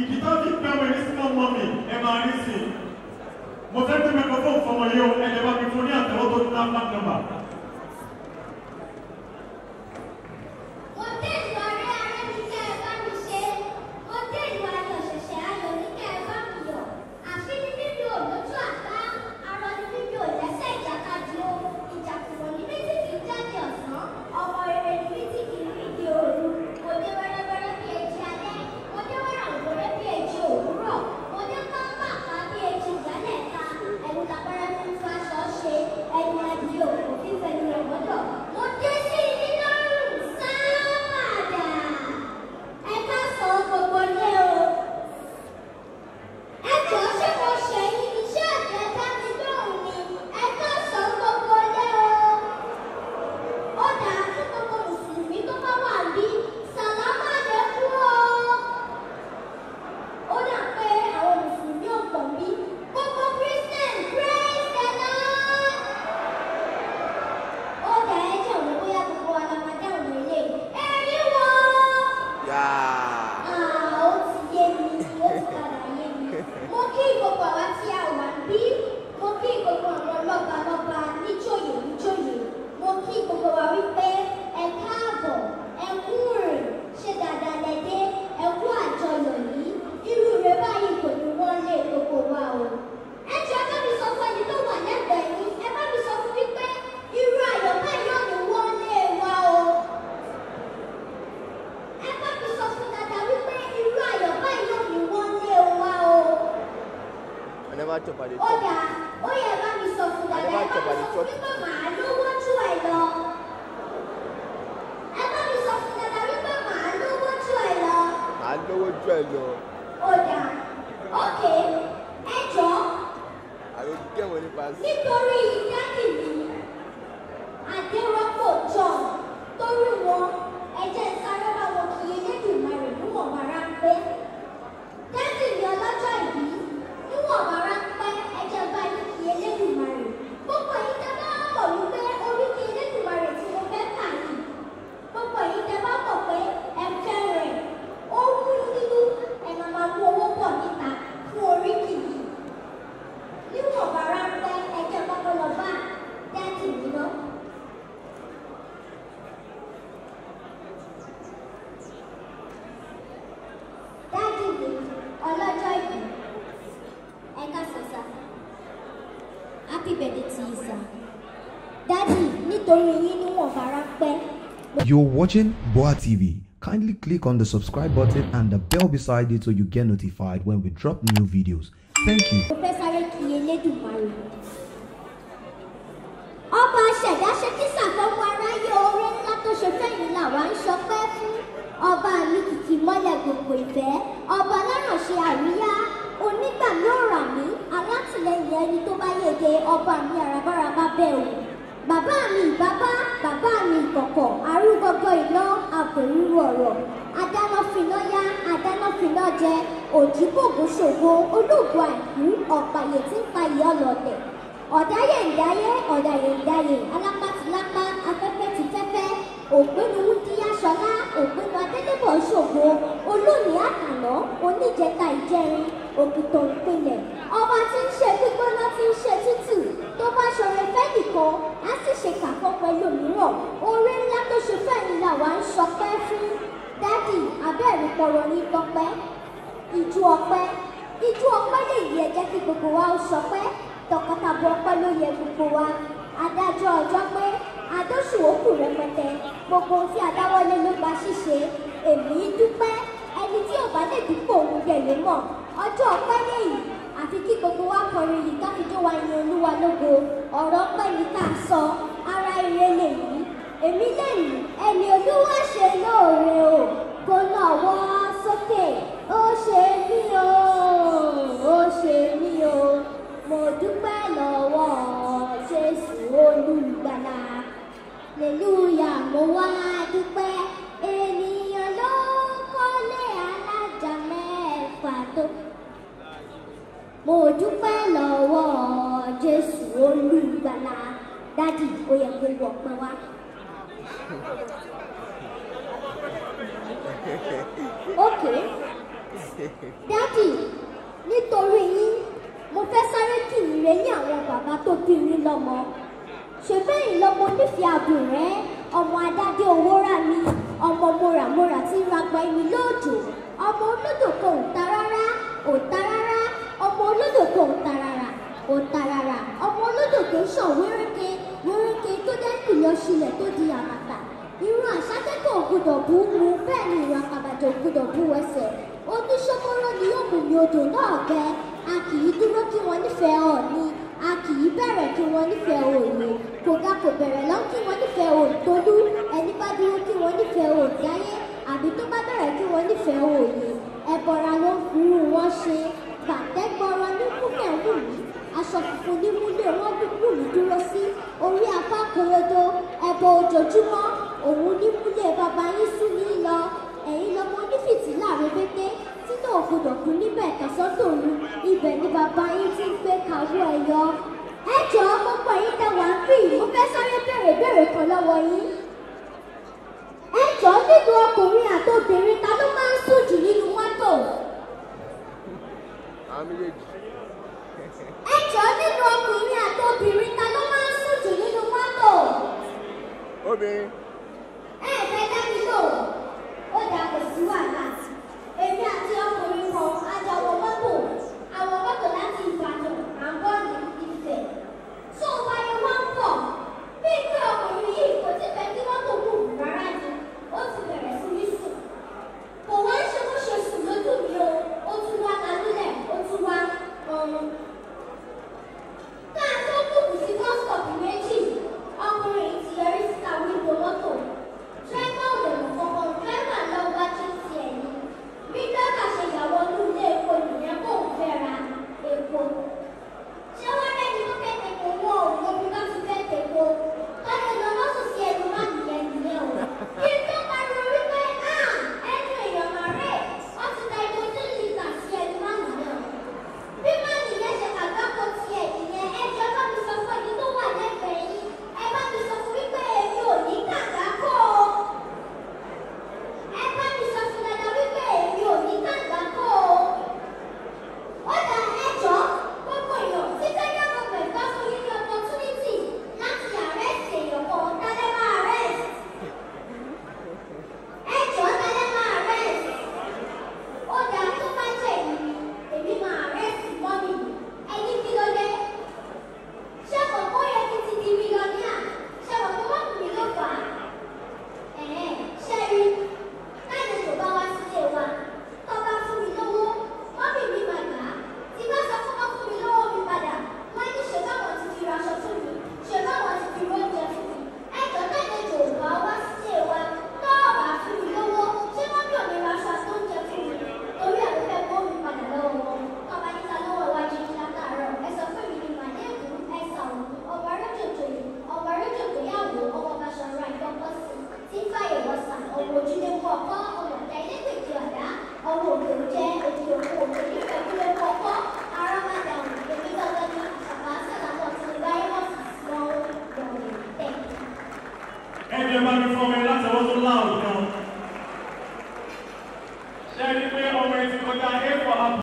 ibi tó ti pẹ́ wẹ̀ ní sinimá mọ́ mi ẹ máa rí sí i mo fẹ́ gbé mẹ́kọ̀ọ́ fún ọmọ yìí o ẹ̀ lè bá mi fún ní àtẹ̀wọ́ tó ní lápá nọ́mbà. lè tọ́. ó yà ó yẹ bá mi sọ fún dada ẹ bá mi sọ fún pé màá lówó jù ẹ lọ. ẹ bá mi sọ fún dada wípé màá lówó jù ẹ lọ. màá lówó jù ẹ lọ. ó yà ókè ẹ You're watching Boa TV. Kindly click on the subscribe button and the bell beside it so you get notified when we drop new videos. Thank you. ọba ṣẹ̀dá kìkì mọ́lẹ̀ gbogbo ìfẹ́ ọba lárànṣe àríyá onígbà pé ọba mi àràbára má bẹ̀ o. Bàbá mi bàbá bàbá mi kọ̀kọ̀ arúgọ́gọ́ iná àpòrúru ọ̀rọ̀. Adáná finá yá adáná finá jẹ òjìbògùn ṣògo olóògùn àìkú ọ̀pàyè tí ń pa ìyá ọlọ́dẹ̀. Ọ̀dáyè ń dáyé ọ̀dáyè ń dáyè alápá ti lápá afẹ́fẹ́ ti fẹ́fẹ́ òpinnu wúndíyá ṣọlá òpinnu adélébọ̀ ṣògo olóòní àkànná oníjẹta ìjẹrin òbí tó ń pìlẹ̀. ọba tí ń ṣe gbígbóná tí ń ṣe tútù tó bá ṣọrẹ fẹ́ nìkan á sì ṣe kàkọ́ pẹ̀lú mìíràn orí ńlá tó ṣe fẹ́ ni làwa ń ṣọpẹ́ fún dádì abẹ́rẹ́ pọ̀rọ̀ ní tọpẹ́ ìjú ọpẹ́ ìjú ọpẹ́ lè yẹ jẹ́ kí gbogbo wa ó ṣọpẹ́ tọkọtabo ọpẹ́ ló yẹ gbogbo wa adájọ́ ọjọ́ pé adóṣùwòkù rẹpẹtẹ gbogbo ohun tí adáwọ́lé ló gba ṣíṣe èmi dúpẹ́ ẹni tí ò bá lè dípò òun yẹ̀ ló mọ̀ ọjọ́ ọpẹ́ lẹ́yìn àfi kí gbogbo wa kọrin yìí ká fi jó wa yin olúwa lógo ọ̀rọ̀ ọpẹ́ yìí tá a sọ ara ire lèyí èmi lẹ́yìn ẹni olúwa ṣe lóore o kò náà wọ́ sókè ó ṣe mí o ó ṣe mí o mo dúpẹ́ lọ́wọ́ Jésù olùgbàlà hallelujah mo wá dúpẹ́. mo dúpẹ́ lọ́wọ́ Jésù olùgbàlà dádì ó yẹ kó wọ pẹ́ wá. okay dádì nítorí yín mo fẹ́ sáré kì í re ní àwọn bàbá tó bí yín lọ́mọ ṣèbẹ́yìn lọ́mọ onífẹ́ àbùrẹ́ ọmọ adáde owó rà mí ọmọ mòràmòrà tí ń ragbọ ẹni lóòjò ọmọ olódò kan ò ta rárá ò ta olódòkó òǹtarara òǹtarara ọmọ olódòkó sàn wéréke wéréke tó dẹ́kù lọ sílẹ̀ tó di àmàtà irun àṣàkẹ́kọ̀ọ́ ògùdọ̀ bú mu bẹ́ẹ̀ ni ìwà kàbàjọ ògùdọ̀ bú ẹsẹ̀ oníṣọ́kọ́rọ́ ni yóò mú mi odò náà gbẹ a kì í dúró kí wọ́n nífẹ̀ẹ́ ọ̀ọ́ni a kì í bẹ̀rẹ̀ kí wọ́n nífẹ̀ẹ́ òòlù kò ga kò bẹ̀rẹ̀ lọ kí wọ́n nífẹ̀ẹ́ òǹtolú ẹni bá dúró kí wọ́n nífẹ̀ẹ́ òǹdáyé àbí tó bá bẹ̀rẹ̀ kí wọ́n nífẹ̀ẹ́ òòlù ẹ̀bọ̀ra ló ń fún wọn ṣe aṣọ funfun ní múlẹ̀ wọ́n wù mí dúró sí orí afá korodo ojoojúmọ́ òun ní múlẹ̀ bàbá yín sùn ní lọ ẹ̀yin lọmọ onífìtílà rẹpẹtẹ tínú ògbódò kú níbẹ̀ tọ̀sán tòru ibẹ̀ ni bàbá yín ti ń gbé kàwọ́ ẹ̀yọ. ẹ jọ̀ọ́ gbogbo ẹ̀yin tẹ ń bì mo fẹ́ sáré béèrè béèrè kan lọ́wọ́ yín. ẹ jọ̀ọ́ nínú ọkùnrin àtobìnrin ta ló máa ń sùn jù nínú mọ́tò. àmì yéèjì. morning.